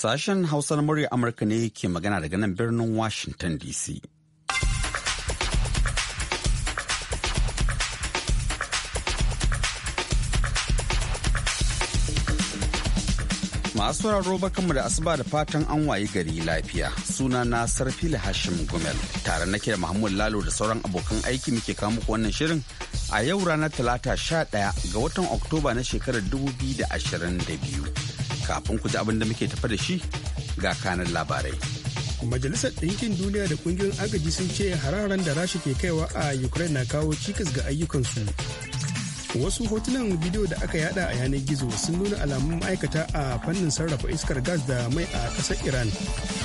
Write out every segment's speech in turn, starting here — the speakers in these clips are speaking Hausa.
Sashen Hausa na murya Amurka ne ke magana daga nan birnin Washington DC. Masu sauraro bakanmu da asuba da fatan an wayi gari lafiya. Suna na sarfi Hashim Gumel tare nake da Mahmud Lalo da sauran abokan aiki muke kawo muku wannan shirin a yau ranar Talata 11 ga watan Oktoba na shekarar 2022. kafin ku ji abin da muke tafa da shi ga kanan labarai. Majalisar Ɗinkin Duniya da ƙungiyoyin agaji sun ce hararen da Rasha ke kaiwa a Ukraine na kawo cikas ga ayyukansu. Wasu hotunan bidiyo da aka yada a yanar gizo sun nuna alamun ma'aikata a fannin sarrafa iskar gas da mai a ƙasar Iran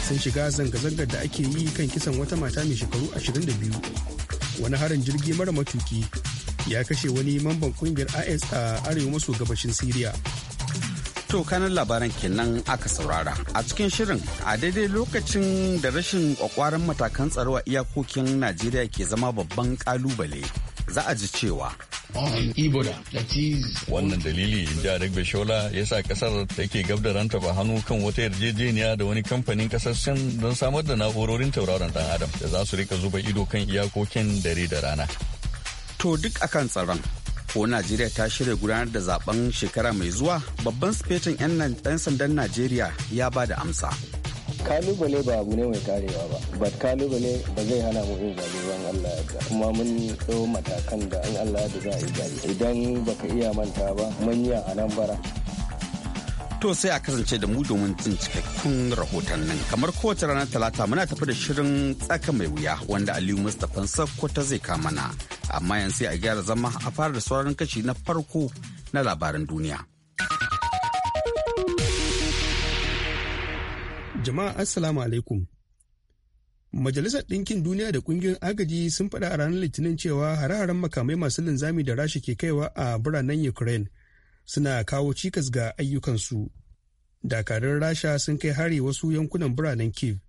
sun shiga zanga-zangar da ake yi kan kisan wata mata mai shekaru 22. Wani harin jirgi mara matuki ya kashe wani mamban ƙungiyar IS a arewa maso gabashin Siriya. To kanan labaran kenan aka saurara. A cikin shirin a daidai lokacin da rashin kwakwaran matakan tsaro a iyakokin Najeriya ke zama babban kalubale za a ji cewa Wannan dalili da Rigbe Shola ya sa kasar da ke gab da ranta ba hannu kan wata yarjejeniya da wani kamfanin kasar Sin don samar da na'urorin tauraron dan Adam da za su rika zuba ido kan iyakokin dare da rana. To duk akan tsaron ko najeriya ta shirya gudanar da zaben shekara mai zuwa babban sifetin 'yan sandan najeriya ya ba da amsa kalubale ba abu ne mai karewa ba but kalubale ba zai hana mu yin zabe ban Allah ya kuma mun ɗau matakan da in Allah da za a yi zabe idan baka iya manta ba mun yi a nan bara to sai a kasance da mu domin jin cikakkun rahoton nan kamar kowace ranar talata muna tafi da shirin tsaka mai wuya wanda Aliyu Mustapha Sakko zai kama na amma yanzu sai a gyara zama a fara da sauran kashi na farko na labaran duniya. Jama'a Assalamu alaikum. Majalisar Ɗinkin Duniya da ƙungiyoyin agaji sun faɗa a ranar Litinin cewa hare-haren makamai masu linzami da rashi ke kaiwa a biranen Ukraine suna kawo cikas ga ayyukansu. Dakarun Rasha sun kai hari wasu yankunan biranen Kiev.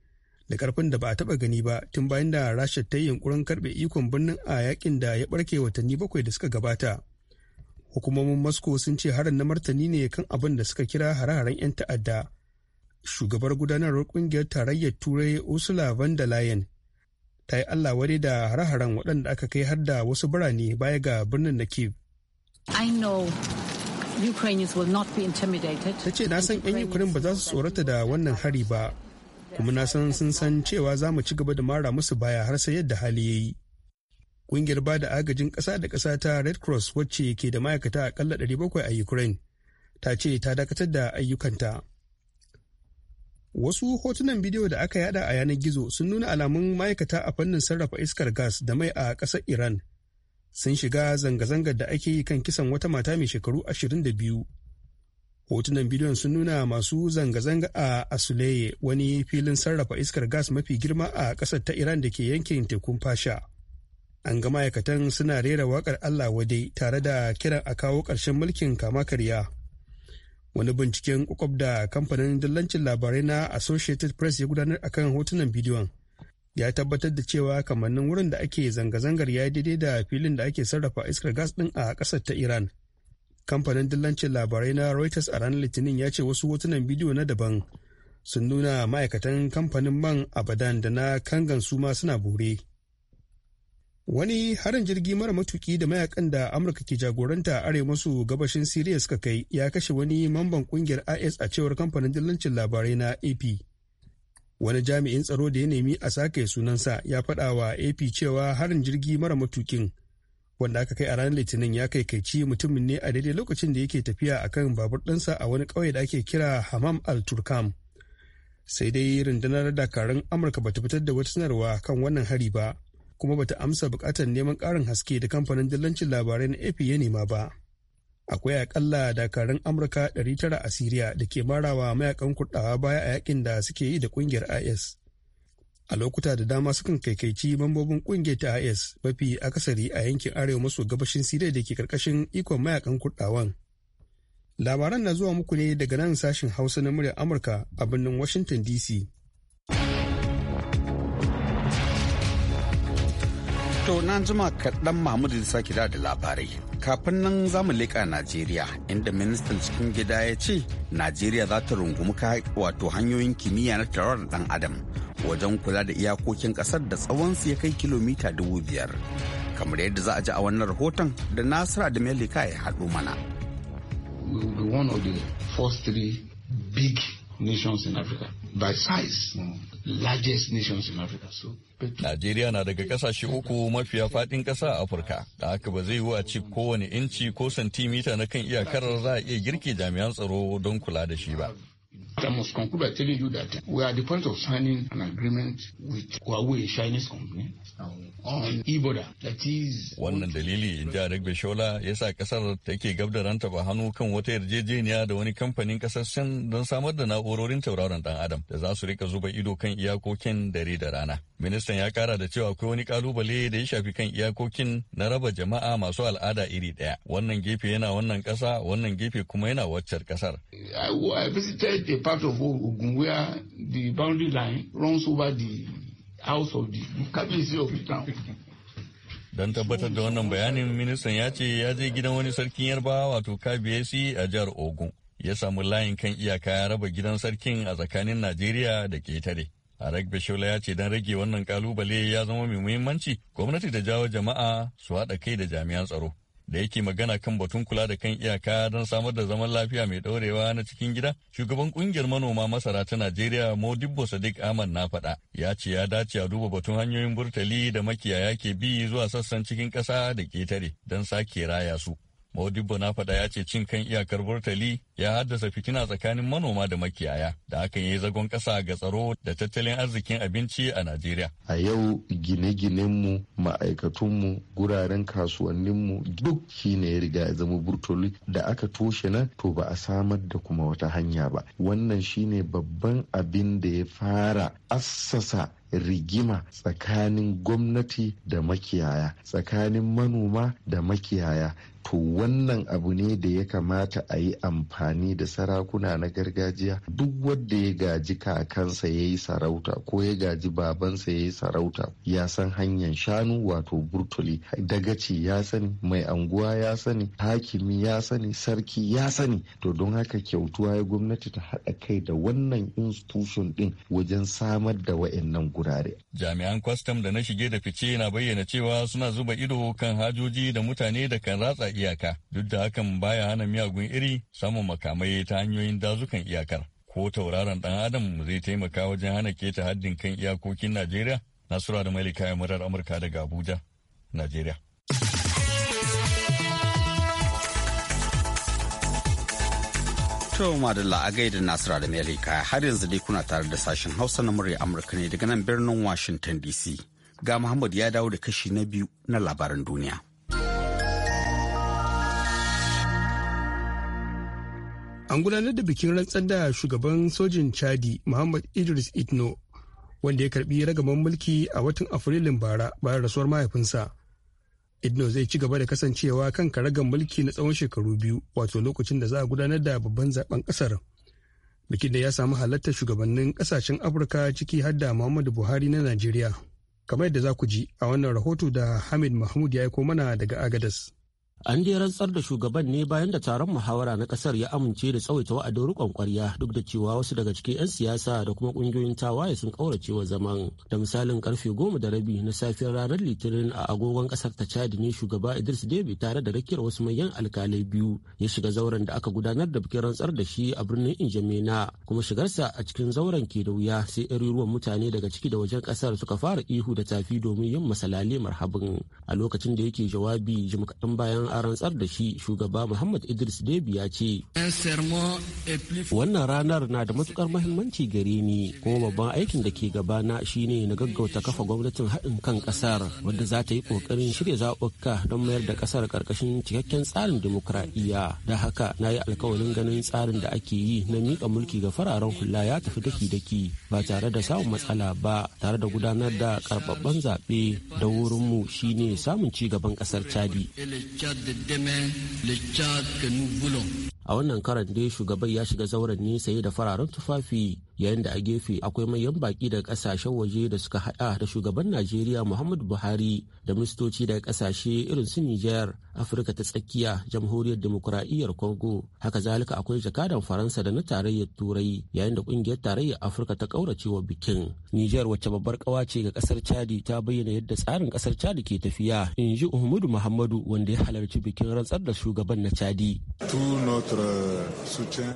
da karfin da ba a taba gani ba tun bayan da rasha ta yi yunkurin karbe ikon birnin a yakin da ya barke watanni bakwai da suka gabata hukumomin moscow sun ce harin na martani ne kan abin da suka kira hare-haren 'yan ta'adda shugabar gudanarwar kungiyar tarayyar turai ursula von der leyen ta yi allah wari da hare-haren waɗanda aka kai har da wasu birane baya ga birnin na kiev Ta ce na san 'yan Ukraine ba za su tsorata da wannan hari ba kuma na san sun san cewa za mu ci gaba da mara musu baya har sai yadda hali ya yi. Ƙungiyar ba da agajin ƙasa da ƙasa ta Red Cross wacce ke da ma'aikata a ɗari 700 a Ukraine ta ce ta dakatar da ayyukanta. Wasu hotunan bidiyo da aka yada a yanar gizo sun nuna alamun ma'aikata a fannin sarrafa iskar gas da mai a ƙasar Iran sun shiga zanga-zangar da ake yi kan kisan wata mata mai shekaru ashirin da biyu. hotunan bidiyon sun nuna masu zanga-zanga a asuleye wani filin sarrafa iskar gas mafi girma a ƙasar ta iran da ke yankin tekun fasha an ga ma'aikatan suna rera wakar allah wadai tare da kiran a kawo ƙarshen mulkin kama karya wani binciken kwakwab da kamfanin dillancin labarai na associated press ya gudanar a kan hotunan bidiyon ya tabbatar da cewa kamannin wurin da ake zanga-zangar ya daidai da filin da ake sarrafa iskar gas ɗin a ƙasar ta iran kamfanin dillancin labarai na reuters a ranar litinin ya ce wasu hotunan bidiyo na daban sun nuna ma'aikatan kamfanin man abadan da na kangan su ma suna bore wani harin jirgi mara matuki da mayakan da amurka ke jagoranta a arewa masu gabashin siriya suka kai ya kashe wani mamban kungiyar is a cewar kamfanin dillancin labarai na ap wani jami'in tsaro da ya nemi a sake sunansa ya faɗa wa ap cewa harin jirgi mara matukin wanda aka kai a ranar litinin ya kai kaici mutumin ne a daidai lokacin da yake tafiya a kan babur ɗinsa a wani ƙauye da ake kira hamam al turkam sai dai rundunar dakarun amurka bata fitar da wata sanarwa kan wannan hari ba kuma bata amsa buƙatar neman ƙarin haske da kamfanin dillancin labarai na ap ya nema ba akwai akalla dakarun amurka 900 a siriya da ke marawa mayakan kurɗawa baya a yakin da suke yi da ƙungiyar is a lokuta da dama sukan kaikaici mambobin kungiyar ta is mafi akasari a yankin arewa maso gabashin siriya da ke karkashin ikon mayakan kurdawan labaran na zuwa muku ne daga nan sashin hausa na muryar amurka a birnin washington dc To na jima kaɗan Mahmudu da sake da labarai. Kafin nan za mu leƙa Najeriya inda ministan cikin gida ya ce Najeriya za ta rungumi wato hanyoyin kimiyya na tarar ɗan adam wajen kula da iyakokin ƙasar da tsawon su ya kai kilomita dubu biyar. Kamar yadda za a ji a wannan rahoton da Nasira da Melika ya haɗu mana. largest nations in Africa. So Najeriya na daga kasashe uku mafiya faɗin ƙasa a Afirka, da haka ba zai a ci kowane inci ko santimita na kan iyakar za a iya girke jami'an tsaro don kula da shi ba. I must conclude by telling you that we are the point of signing an agreement with Huawei Chinese company. Wannan dalili ji Ragbe Shola ya sa kasar take gab da ba hannu kan wata yarjejeniya da wani kamfanin kasar Sin don samar da na'urorin tauraron dan Adam da za su rika zuba ido kan iyakokin dare da rana. Ministan ya kara da cewa akwai wani kalubale da ya shafi kan iyakokin na raba jama'a masu al'ada iri ɗaya. Wannan gefe yana wannan ƙasa, wannan gefe kuma yana waccar ƙasar. I visited a part of Ogun where the boundary line runs over the house of the cabinet of the town don tabbatar da wannan bayanin ministan ya ce ya je gidan wani sarkin yarbawa wato kbsc a jihar ogun ya samu layin kan iyaka ya raba gidan sarkin a tsakanin najeriya da ketare ragbe Shola ya ce don rage wannan kalubale ya zama mai muhimmanci gwamnati da jawo jama'a su haɗa kai da jami'an tsaro. da yake magana kan batun kula da kan iyaka don samar da zaman lafiya mai ɗorewa na cikin gida shugaban kungiyar manoma masara ta najeriya modibbo sadiq ahmad na faɗa ya ce ya dace a duba batun hanyoyin burtali da makiyaya ke bi zuwa sassan cikin ƙasa da ƙetare don sake raya su modibbo na faɗa ya ce cin kan iyakar burtali ya haddasa fitina tsakanin manoma da makiyaya da hakan ya yi zagon ƙasa ga tsaro da tattalin arzikin abinci a Najeriya. A yau gine-ginenmu, ma'aikatunmu, guraren kasuwanninmu duk shi ne ya riga ya zama Burtali da aka toshe nan to ba a samar da kuma wata hanya ba. Wannan shi ne babban abin da ya fara assasa rigima tsakanin gwamnati da makiyaya, tsakanin manoma da makiyaya, to wannan abu ne da ya kamata a yi amfani da sarakuna na gargajiya duk wanda ya gaji kakansa ya yi sarauta ko ya gaji babansa ya yi sarauta ya san hanyar shanu wato burtuli dagaci ya sani mai anguwa ya sani hakimi ya sani sarki ya sani to don haka kyautuwa ya gwamnati ta haɗa kai da wannan institution din wajen samar da wa'annan gurare jami'an kwastam da na shige da fice na bayyana cewa suna zuba ido kan hajoji da mutane da kan ratsa iyaka duk da hakan baya hana miyagun iri samun makamai ta hanyoyin dazukan iyakar ko tauraron dan adam zai taimaka wajen hana keta haddin kan iyakokin najeriya nasura da mai kayan murar amurka daga abuja najeriya To Madalla a gaida Nasira da Melika har yanzu dai kuna tare da sashen Hausa na murya Amurka ne daga nan birnin Washington DC. Ga Muhammad ya dawo da kashi na biyu na labaran duniya. an gudanar da bikin rantsar da shugaban sojin chadi muhammad idris itno wanda ya karbi ragaman mulki a watan afrilun bara bayan rasuwar mahaifinsa idno zai ci gaba da kasancewa kan karagan mulki na tsawon shekaru biyu wato lokacin da za a gudanar da babban zaben kasar bikin da ya samu halartar shugabannin kasashen afirka ciki har da muhammadu buhari na najeriya kamar yadda za ku ji a wannan rahoto da hamid mahmud ya aiko mana daga agadas An dai rantsar da shugaban ne bayan da taron muhawara na kasar ya amince da tsawaita wa'adin rikon kwarya duk da cewa wasu daga cikin 'yan siyasa da kuma kungiyoyin tawaye sun kaurace wa zaman. Da misalin karfe goma da rabi na safiyar ranar Litinin a agogon kasar ta Chad ne shugaba Idris Deby tare da rakiyar wasu manyan alkalai biyu ya shiga zauren da aka gudanar da bikin rantsar da shi a birnin Injamena kuma shigarsa a cikin zauren ke da wuya sai ɗaruruwan mutane daga ciki da wajen kasar suka fara ihu da tafi domin yin masalale marhabin a lokacin da yake jawabi jim bayan kafin rantsar da shi shugaba Muhammad Idris Debi ya ce. Wannan ranar na da matukar mahimmanci gare ni kuma babban aikin da ke gabana shine na gaggauta kafa gwamnatin haɗin kan ƙasar wanda za ta yi ƙoƙarin shirya zaɓuka don mayar da ƙasar karkashin cikakken tsarin dimokuraɗiyya. Da haka na yi alkawarin ganin tsarin da ake yi na miƙa mulki ga fararen hula ya tafi daki-daki ba tare da samun matsala ba tare da gudanar da karɓaɓɓen zaɓe da wurinmu shine samun ci gaban ƙasar Chadi. de demain, les Tchad que nous voulons. a wannan karan dai shugaban ya shiga zauren ne saye da fararen tufafi yayin da a gefe akwai manyan baki daga kasashen waje da suka haɗa da shugaban najeriya muhammadu buhari da ministoci daga kasashe irin su niger afirka ta tsakiya jamhuriyar demokuraɗiyyar congo haka zalika akwai jakadan faransa da na tarayyar turai yayin da kungiyar tarayyar afirka ta ƙauracewa bikin niger wacce babbar kawa ce ga kasar chadi ta bayyana yadda tsarin kasar chadi ke tafiya in ji muhammadu muhammadu wanda ya halarci bikin rantsar da shugaban na chadi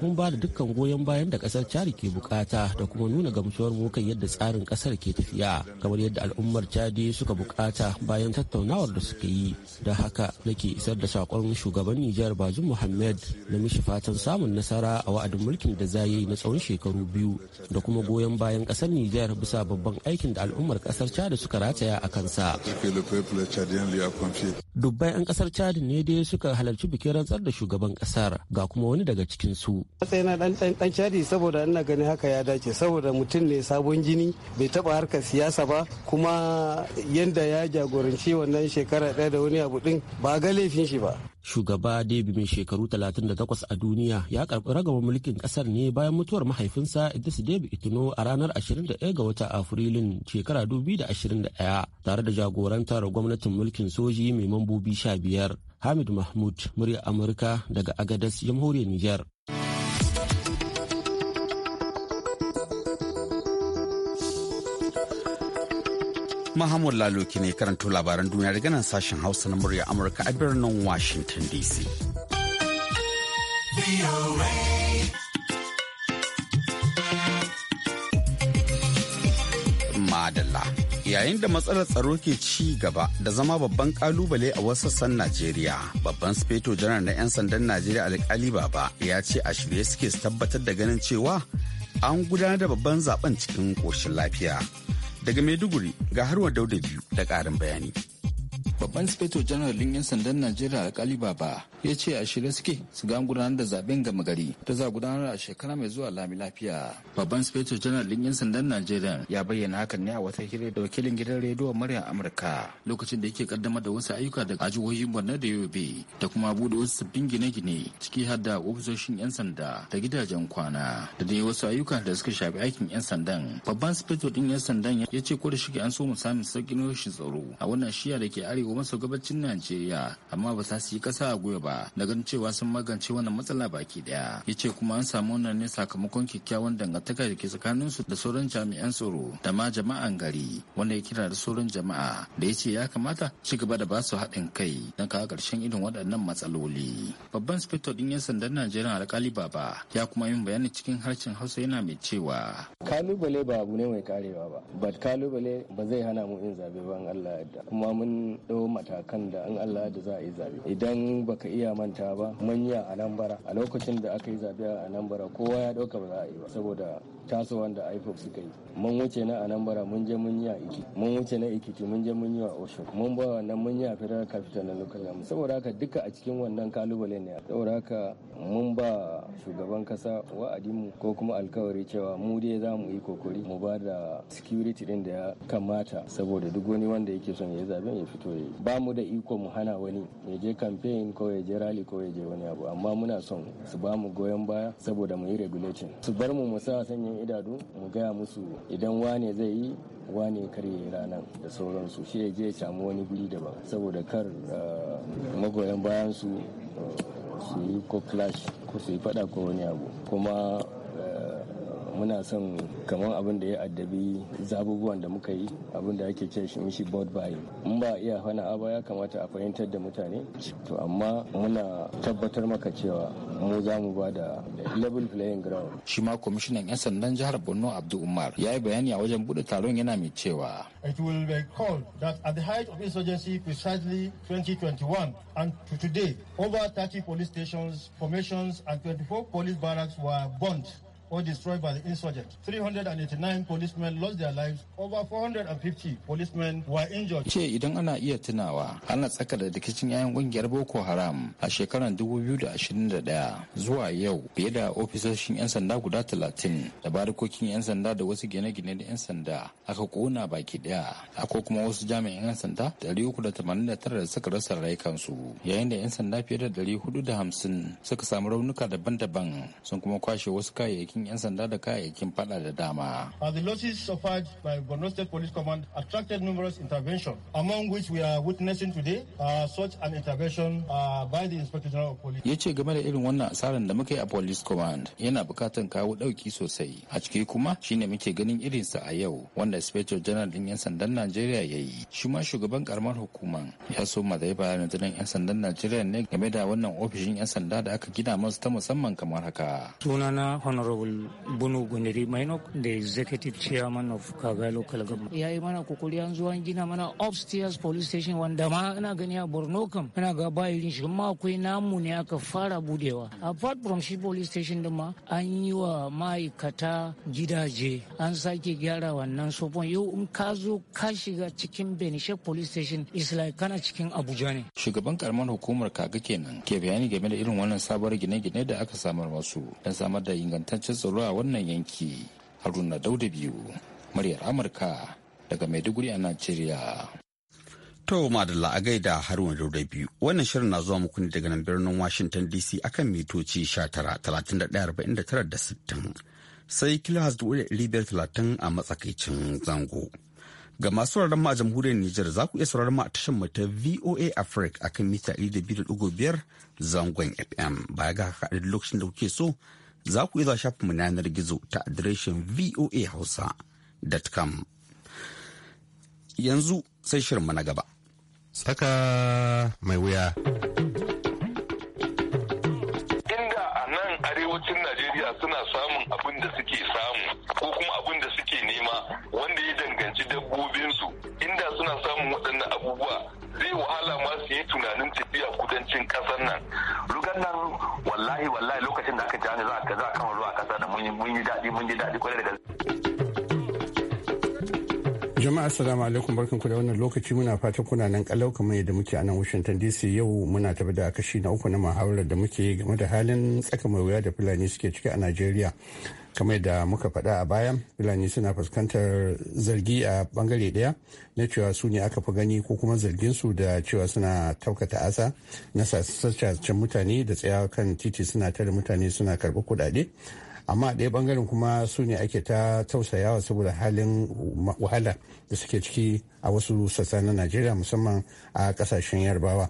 Mun ba da dukkan goyon bayan da kasar Chari ke bukata da kuma nuna gamsuwar mu kan yadda tsarin ƙasar ke tafiya kamar yadda al'ummar Chadi suka bukata bayan tattaunawar da suka yi. Da haka nake isar da sakon shugaban Nijar Bazum muhammed da mishi fatan samun nasara a wa'adin mulkin da za yi na tsawon shekaru biyu da kuma goyon bayan kasar Nijar bisa babban aikin da al'ummar kasar Chadi suka rataya a kansa. Dubbai 'yan ƙasar Chadi ne dai suka halarci bikin rantsar da shugaban ƙasar. ga kuma wani daga cikin su matsayin na dan dan shadi saboda ina gani haka ya dace saboda mutum ne sabon jini bai taba harkar siyasa ba kuma yanda ya jagoranci wannan shekara ɗaya da wani abu din ba ga laifin shi ba shugaba David mai shekaru 38 a duniya ya karɓi ragamar mulkin ƙasar ne bayan mutuwar mahaifinsa Idris debi itino a ranar 21 ga wata Afrilun shekara 2021 tare da jagorantar gwamnatin mulkin soji mai mambobi 15. Hamid Mahmud, murya Amurka daga Agadas, Jamhuriyar Nijar. Muhammad laloki ne karanto labaran duniya daga nan sashen Hausa na murya Amurka a birnin Washington DC. yayin da matsalar tsaro ke ci gaba da zama babban kalubale a wasu sassan najeriya babban speto janar na 'yan sandan najeriya alkali baba ya ce a shirye suke tabbatar da ganin cewa an gudanar da babban zaben cikin koshin lafiya daga maiduguri ga harwa dauda biyu da ƙarin bayani babban sifeto janar din yan sandan najeriya alkali baba ya ce a shirya suke su ga gudanar da zaben gama gari ta za gudanar a shekara mai zuwa lami lafiya babban sifeto janar din yan sandan najeriya ya bayyana hakan ne a wata hira da wakilin gidan rediyon murya amurka lokacin da yake kaddamar da wasu ayyuka da ajihohin borno da yobe da kuma bude wasu sabbin gine-gine ciki har da ofisoshin yan sanda da gidajen kwana da dai wasu ayyuka da suka shafi aikin yan sandan babban sifeto din yan sandan ya ce ko da shi an so mu samun sauƙin rashin tsaro a wannan shiya da ke arewa kuma maso gabacin Najeriya amma ba za su yi kasa a gwiwa ba na ganin cewa sun magance wannan matsala baki daya. Ya ce kuma an samu wannan ne sakamakon kyakkyawan dangantaka da ke su da sauran jami'an tsaro da ma jama'an gari wanda ya kira da sauran jama'a da ya ce ya kamata ci gaba da ba su haɗin kai don kawo ƙarshen irin waɗannan matsaloli. Babban sifito din 'yan sandan Najeriya alkali baba ya kuma yin bayani cikin harshen Hausa yana mai cewa. Kalubale ba abu ne mai karewa ba, but kalubale ba zai hana mu yin zabe ba Allah yadda. Kuma mun ɗau matakan da an Allah da za a yi zabe idan baka iya manta ba manya a nan a lokacin da aka yi zabe a nan kowa ya dauka ba za a yi ba saboda tasowan da IPOP suka yi mun wuce na a nan mun je mun yi a iki mun wuce na ikiti mun je mun yi a Osho mun ba wannan mun yi a federal capital na local government saboda haka duka a cikin wannan kalubale ne saboda haka mun ba shugaban kasa wa'adinmu ko kuma alkawari cewa mu dai za mu yi kokori mu ba da security din da ya kamata saboda duk wani wanda yake son ya yi zaben ya fito ya ba mu da iko mu hana wani ya je campaign ko ya je rally ko ya je wani abu amma muna son su ba mu goyon baya saboda mu yi regulation su bar mu mu sa sanyin idanu mu gaya musu idan wane zai yi wane karye ranar da sauransu shi ya je ya samu wani guri daban saboda kar eh, magoyan bayan su eh, su yi ko clash ko su yi fada ko wani abu kuma muna son kamar abin da ya addabi zabubuwan da muka yi abin da ake ce shi board by in ba iya hana aba ya kamata a fahimtar da mutane to amma muna tabbatar maka cewa mu za mu ba da level playing ground shi ma kwamishinan yan sandan jihar borno abdu umar ya yi bayani a wajen bude taron yana mai cewa it will be called that at the height of insurgency precisely 2021 and to today over 30 police stations formations and 24 police barracks were burnt or destroyed by the insurgents. 389 policemen lost their lives. Over 450 policemen were injured. Ce idan ana iya tunawa ana tsaka da rikicin 'ya'yan kungiyar Boko Haram a shekarar 2021 zuwa yau fiye da ofisoshin 'yan sanda guda 30 da barikokin 'yan sanda da wasu gine-gine da 'yan sanda aka kona baki daya. Akwai kuma wasu jami'an 'yan sanda 389 da suka rasa rayukansu yayin da 'yan sanda fiye da 450 suka samu raunuka daban-daban sun kuma kwashe wasu kayayyakin bakin 'yan sanda da kayayyakin fada da dama. As the losses suffered by Borno State Police Command attracted numerous intervention, among which we are witnessing today uh, such an intervention uh, by the Inspector General of Police. Ya ce game da irin wannan asarar da muka yi a Police Command yana bukatan kawo ɗauki sosai. A ciki kuma shine muke ganin irinsa a yau wanda Inspector General din 'yan sandan Najeriya ya yi. Shi ma shugaban karamar hukuman ya so ma zai bayanin 'yan sandan Najeriya ne game da wannan ofishin 'yan sanda da aka gina masu ta musamman kamar haka. Sunana Honorable Bunu Guniri Mainok, the executive chairman of Kaga local government. ya'yi mana kokari an zuwa gina mana upstairs police station wanda ma ana gani a Borno kam ana ga ba irin shi ma akwai namu ne aka fara budewa. Apart from shi police station din ma an yi wa ma'aikata gidaje an sake gyara wannan sofon yau in ka zo ka shiga cikin benishe police station is like kana cikin Abuja ne. Shugaban karamar hukumar Kaga kenan ke bayani game da irin wannan sabuwar gine-gine da aka samar masu don samar da ingantaccen tsaro a wannan yanki haruna dauda biyu muryar amurka daga maiduguri a najeriya To Madalla a gaida Haruna Dauda biyu wannan shirin na zuwa muku ne daga nan birnin Washington DC akan mitoci 19 da sittin sai kilas talatin a matsakaicin zango. Ga masu sauraron ma a jamhuriyar Nijar za ku iya sauraron ma a tashar mu ta VOA Africa akan mita 200.5 zangon FM baya ga haka lokacin da kuke so za ku iya zuwa mu yanar gizo ta adireshin voahausa.com. Yanzu sai shirinmu na gaba. Tsaka mai wuya. yi wahala ma su yi tunanin tafiya kudancin kasar nan rugan nan wallahi wallahi lokacin da aka ji za a kama ruwa kasa da mun yi daɗi mun yi daɗi kwarai da gaske Jama'a assalamu alaikum ku da wannan lokaci muna fatan kuna nan kalau kamar da muke a nan Washington DC yau muna tafi da kashi na uku na muhawarar da muke game da halin tsaka mai wuya da Fulani suke ciki a Najeriya. Kamar da muka faɗa a baya Fulani suna fuskantar zargi a bangare ɗaya na cewa su ne aka fi gani ko kuma zargin su da cewa suna taukata asa na sassacen mutane da tsaya kan titi suna tare mutane suna karɓi kuɗaɗe. amma a ɗaya bangaren kuma su ne ake ta tausayawa saboda halin wahala da suke ciki a wasu sassa na najeriya musamman a ƙasashen yarbawa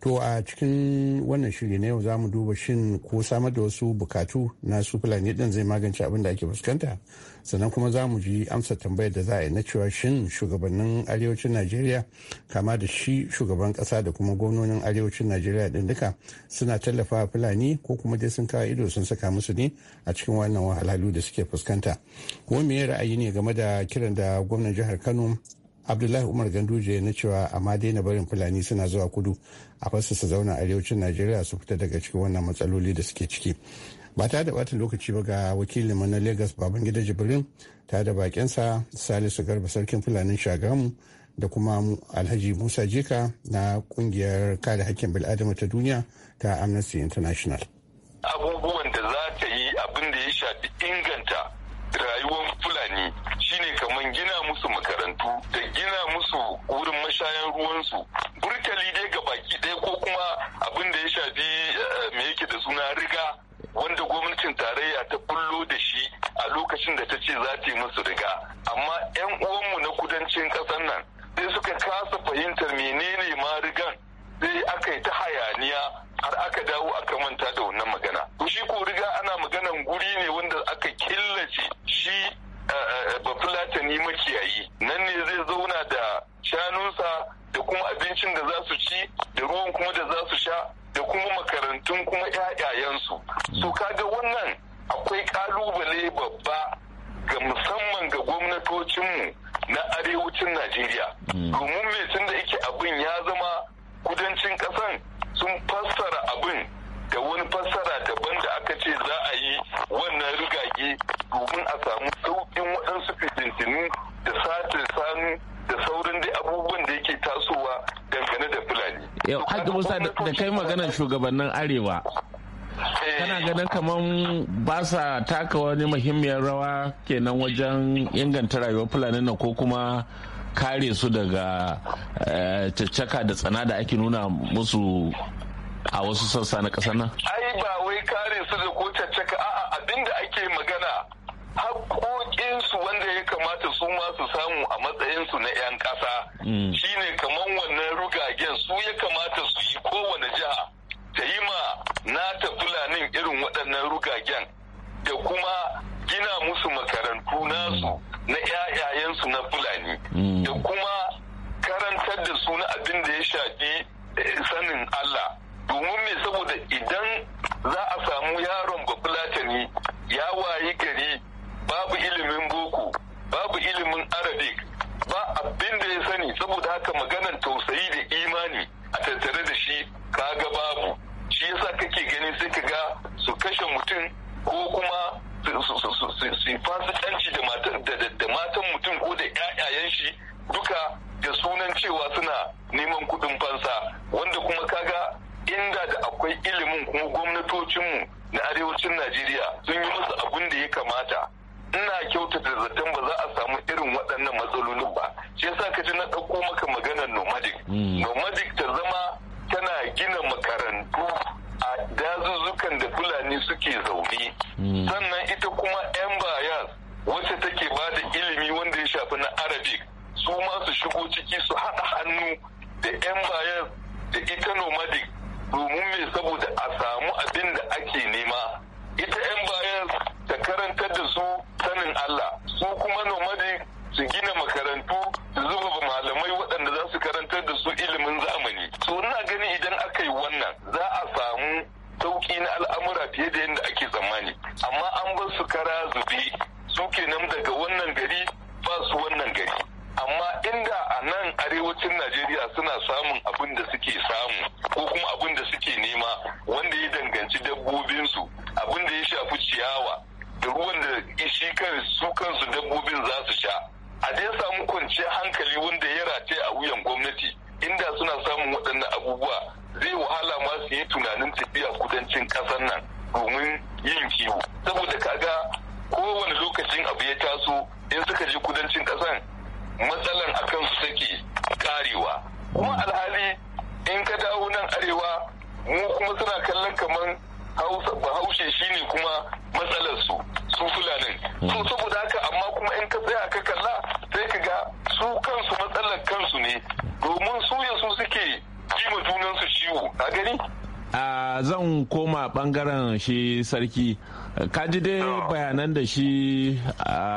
to a cikin wannan shiri na yau za mu duba shin ko samar da wasu bukatu na su fulani ɗin zai magance abin da ake fuskanta sannan kuma za mu ji amsa tambayar da za a yi na cewa shin shugabannin arewacin najeriya kama da shi shugaban kasa da kuma gwamnonin arewacin najeriya din duka suna tallafa fulani ko kuma dai sun kawo ido sun saka musu ne a cikin wannan wahalhalu da suke fuskanta kuma me ra'ayi ne game da kiran da gwamnan jihar kano abdullahi umar ganduje na cewa amma daina barin fulani suna zuwa kudu a fassa su zauna arewacin najeriya su fita daga cikin wannan matsaloli da suke ciki ba ta da bata lokaci ba ga wakilin na lagos gida jibrin ta da bakinsa salisu garba sarkin fulanin shagamu da kuma alhaji musa jika na kungiyar kare hakkin bil'adama ta duniya ta amnesty international abubuwan da za ta yi abin da ya shafi inganta rayuwar fulani shine kamar gina musu makarantu da su wurin mashayar ruwansu burkali dai ga baki ɗaya ko kuma abin da ya shafi eh, me yake da suna riga wanda gwamnatin tarayya ta bullo da shi a lokacin da ta ce za ta yi musu riga amma 'yan uwanmu na kudancin ƙasar nan sai suka kasa fahimtar menene ma rigan sai aka yi ta hayaniya har aka dawo aka manta da wannan magana. To shi ko riga ana maganan guri ne wanda aka killace shi bafulatani eh, eh, makiyayi nan ne zai zauna da shanunsa da kuma abincin da za su ci da ruwan kuma da za su sha da kuma makarantun kuma 'ya'yayensu su kaga wannan akwai ƙalubale babba ga musamman ga gwamnatocinmu na arewacin najeriya hmm. domin mai tun da yake abin ya zama kudancin ƙasan sun fassara abin da wani fassara daban da aka ce za a yi wannan rigage domin a samu sauƙi. litinin da satin sanu da saurin dai abubuwan da yake tasowa dangane da fulani. Yau, Hajji Musa da kai maganar shugabannin Arewa. Eh. Kana ganin kamar ba sa taka wani muhimmiyar rawa kenan wajen inganta rayuwar fulani na ko kuma kare su daga eh, caccaka da tsana da ake nuna musu a wasu sassa na ƙasar nan? Ai ba wai kare su da ko caccaka a'a abinda ake magana ma su samu a matsayinsu na 'yan ƙasa mm. shine kamar wannan rugagen su ya kamata su yi kowane jiha ta yi ma nata fulanin irin waɗannan rugagen da kuma gina musu makarantu nasu mm. na 'ya'yayensu na fulani mm. da kuma karantar da su na abin da ya shafi eh, sanin Allah domin me saboda idan za a samu yaron bafulatani ya wayi gari babu ilimin boko babu ilimin arabic ba abin da ya sani saboda haka maganar tausayi da imani a tattare da shi kaga babu shi yasa kake gani sai ka ga su kashe mutum ko kuma su fasikanci da matan mutum ko da 'ya'yayen shi duka da sunan cewa suna neman kudin fansa wanda kuma kaga inda da akwai ilimin kuma gwamnatocinmu na arewacin najeriya sun yi masa abin da ya kamata ina kyautata zaton ba za a samu irin waɗannan matsalolin ba shi yasa ka ji na ɗauko maka maganar nomadic hmm. nomadic ta zama tana gina makarantu a dazuzzukan da fulani suke zaune hmm. sannan ita kuma yan baya wacce take ba da ilimi wanda ya shafi na arabic su ma su shigo ciki su haɗa hannu da yan da ita nomadic domin me saboda a samu abin da ake nema ita 'yan bayan ta karantar da su sanin Allah su kuma nomadi su gina makarantu su zuba malamai waɗanda za su karantar da su ilimin zamani so na gani idan aka yi wannan za a samu sauƙi na al'amura fiye da yadda ake tsammani amma an bar su kara zube su kenan daga wannan gari ba su wannan gari amma inda a nan arewacin najeriya suna samun abin da suke samu ko kuma abin da suke nema kansu dabbobin za su sha a dai samu kwanciyar hankali wanda ya race a wuyan gwamnati inda suna samun waɗannan abubuwa ne domin su yanzu suke jima junansu ciwo a gani a zan koma bangaren shi sarki ji dai bayanan da shi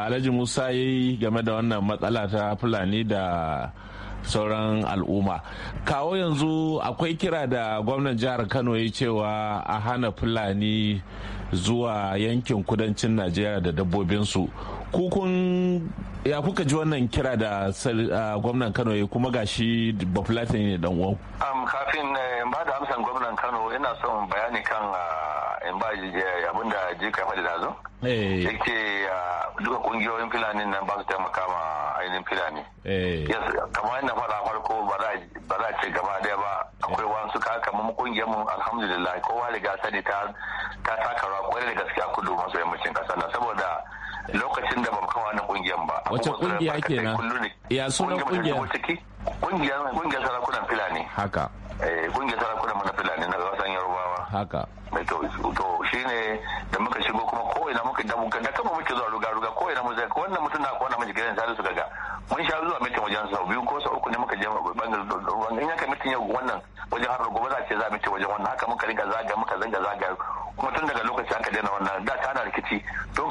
alhaji musa ya yi game da wannan matsala ta fulani da sauran al'umma kawo yanzu akwai kira da gwamnan jihar kano ya cewa a hana fulani zuwa yankin kudancin najeriya da dabbobinsu kukun ya kuka ji wannan kira da gwamnan kano ya kuma gashi bafulatani ne dan uwan kafin eh, ba da amsan gwamnan kano yana son bayani kan in ba eh, abin da jika faɗi da zo eh. yake duka kungiyoyin filanin nan ba su taimaka ma ainihin filani. Eh. kamar yadda fara farko ba za a ce gaba daya ba akwai wasu ka kamar kungiyar mu alhamdulillah kowa riga sani ta ta taka rawa kwarai da gaskiya kudu maso yammacin kasa na saboda lokacin da ban kawo wannan kungiyar ba. Wace kungiya na Ya sunan kungiyar? Kungiyar sarakunan filani. Haka. Kungiyar eh, sarakunan mana filani na kasan Yarubawa. Haka. To shi ne da muka shigo kuma ko ina muka da muka da kama muke zuwa ruga ruga ko ina mu zai wannan mutum na ko na mu gidan sai su gaga. mun sha zuwa mitin wajen sau biyu ko sau uku ne muka je ruwan in yanka mitin yau wannan wajen har gobe za ce za a mitin wajen wannan haka muka ringa zaga muka zanga zaga kuma tun daga lokaci aka daina wannan da ta na rikici to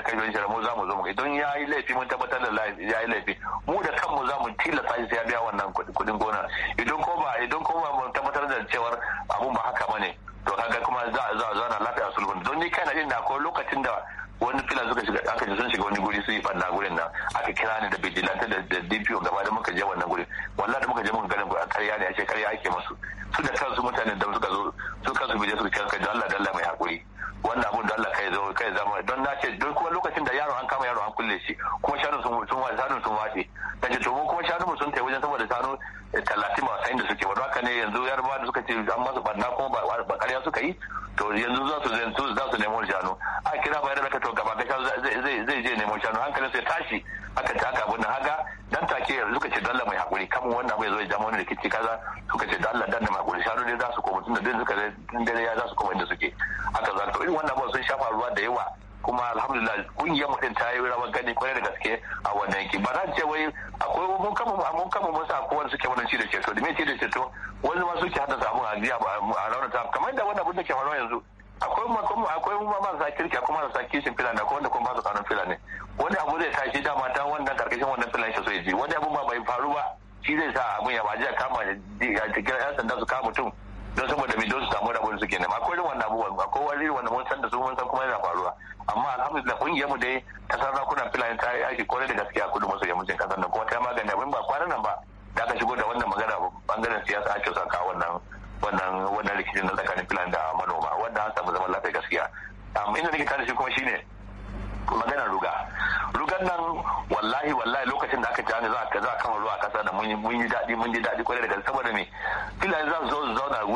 ya kai don shara mu za mu zo mu kai don ya yi laifi mun tabbatar da ya yi laifi mu da kanmu za mu tilasta shi ya biya wannan kuɗin gona idan ko ba idan ko ba mu tabbatar da cewar abun ba haka bane to kaga kuma za za za na lafiya sulhun don ni kana jin da ko lokacin da wani filan suka shiga aka ji sun shiga wani guri su yi fanna gurin nan aka kira ni da bidilanta da dpo gaba da muka je wannan guri wallahi da muka je muka ganin a karya ne a ce karya ake musu su da kansu mutanen da suka zo su kansu bije su kanka da Allah da da suke haka za irin wannan ba sun shafa ruwa da yawa kuma alhamdulillah kungiyar mutum ta yi rawa gani kwarai da gaske a wannan yanki ba zan ce wai akwai mun kama mun kama musu akwai wanda suke wannan ci da ceto da me ci da ceto wani ma suke hada samu a jiya a raunata kamar da wannan abun da ke faruwa yanzu akwai mu kuma akwai ma sa kirki kuma akwai sa kishin filan da akwai wanda kuma ba su kanun filan ne wani abu zai tashi da ta wannan karkashin wannan filan shi so yaji wani abu ma bai faru ba shi zai sa abun ya ba a kama ya ya san da su kama mutum don saboda mai don su samu rabon suke nema akwai irin wannan abubuwan akwai wani irin wanda mun san da su mun san kuma yana faruwa amma alhamdulillah kungiyar mu dai ta kuna filayen ta yi aiki kwarai da gaskiya kudu maso yammacin kasar nan kuma ta magani abin ba kwanan nan ba da aka shigo da wannan magana bangaren siyasa ake sa kawo wannan wannan wannan rikicin na tsakanin filayen da manoma wanda an samu zaman lafiya gaskiya amma inda nake tare shi kuma shine maganar ruga rugan nan wallahi wallahi lokacin da aka ji za a kama ruwa a kasa da mun yi daɗi mun yi daɗi kwarai da gaske saboda me filayen za su zo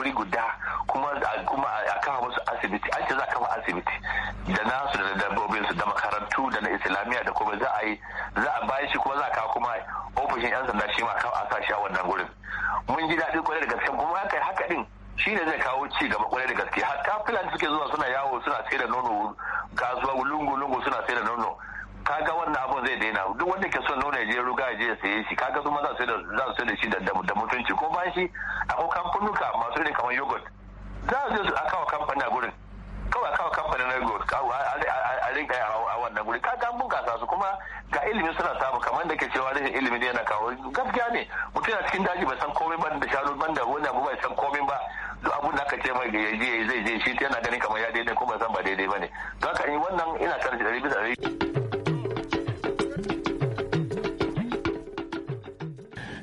wuri guda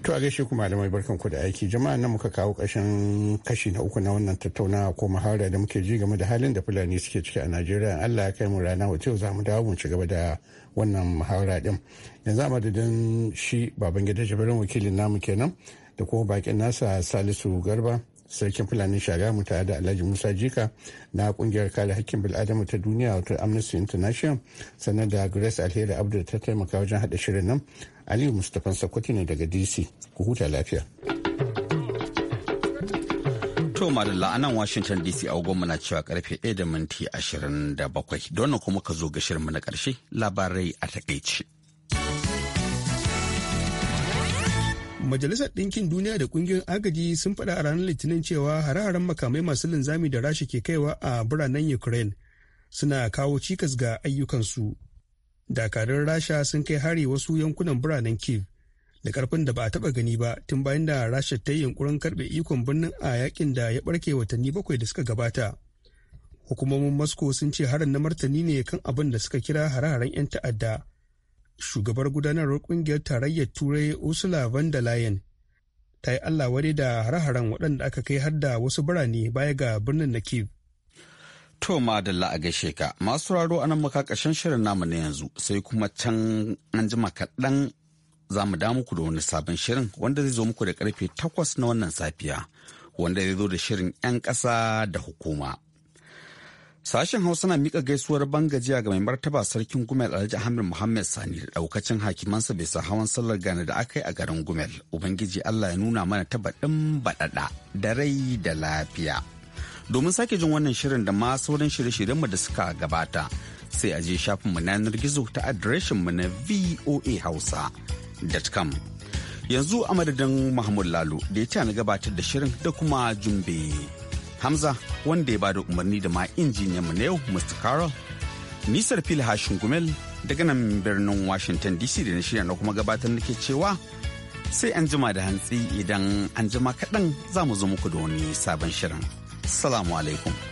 To a gaishe ku malamai barkan ku da aiki jama'a nan muka kawo kashin kashi na uku na wannan tattaunawa ko muhawara da muke ji game da halin da Fulani suke ciki a Najeriya Allah ya kai mu rana wace za mu dawo mu ci gaba da wannan muhawara din. Yanzu a madadin shi Babangida Jibrin wakilin namu kenan da kuma bakin nasa Salisu Garba sarkin fulani mu tare da alhaji musa jika na kungiyar kare hakkin bil'adama ta duniya wato amnesty international sannan da grace alheri abdul ta taimaka wajen hada shirin nan aliyu mustapha sakwati ne daga dc ku huta lafiya to madalla a nan washington dc agogonmu na cewa karfe 1 da minti 27 don kuma ka zo ga mu na karshe labarai a takaice. majalisar ɗinkin duniya da ƙungiyar agaji sun faɗa a ranar litinin cewa hare-haren makamai masu linzami da rasha ke kaiwa a biranen ukraine suna kawo cikas ga ayyukansu dakarun rasha sun kai hari wasu yankunan biranen kiev da karfin da ba a taɓa gani ba tun bayan da rasha ta yi yunkurin karɓe ikon birnin a yakin da ya ɓarke watanni bakwai da suka gabata hukumomin moscow sun ce harin na martani ne kan abin da suka kira hare-haren 'yan ta'adda shugabar gudanarwar kungiyar tarayyar turai ursula von der leyen ta yi allah wari da hare-haren waɗanda aka kai har da wasu birane baya ga birnin na kiev To madalla a gaishe ka masu raro anan maka ƙarshen shirin namu na yanzu sai kuma can an jima kaɗan za mu damu ku da wani sabon shirin wanda zai zo muku da karfe takwas na wannan safiya wanda zai zo da shirin 'yan ƙasa da hukuma Sashen Hausa na mika gaisuwar bangajiya ga mai martaba sarkin Gumel Alhaji Ahmed Muhammad Sani da daukacin hakimansa bisa hawan sallar gane da aka yi a garin Gumel. Ubangiji Allah ya nuna mana tabaɗin baɗaɗa da rai da lafiya. Domin sake jin wannan shirin da ma sauran shirye-shiryenmu da suka gabata sai a je shafinmu na yanar gizo ta adireshinmu na voahausa.com. Yanzu a madadin Mahmud Lalo da ya na gabatar da shirin da kuma Jumbe Hamza wanda ya ba da umarni da ma injiniyan mu na yau Mr. Carol. Nisar fil hashin gumel daga nan birnin Washington DC da na shirya na kuma gabatar nake cewa sai an jima da hantsi idan an jima kaɗan za mu zo muku da wani sabon shirin. Salamu alaikum.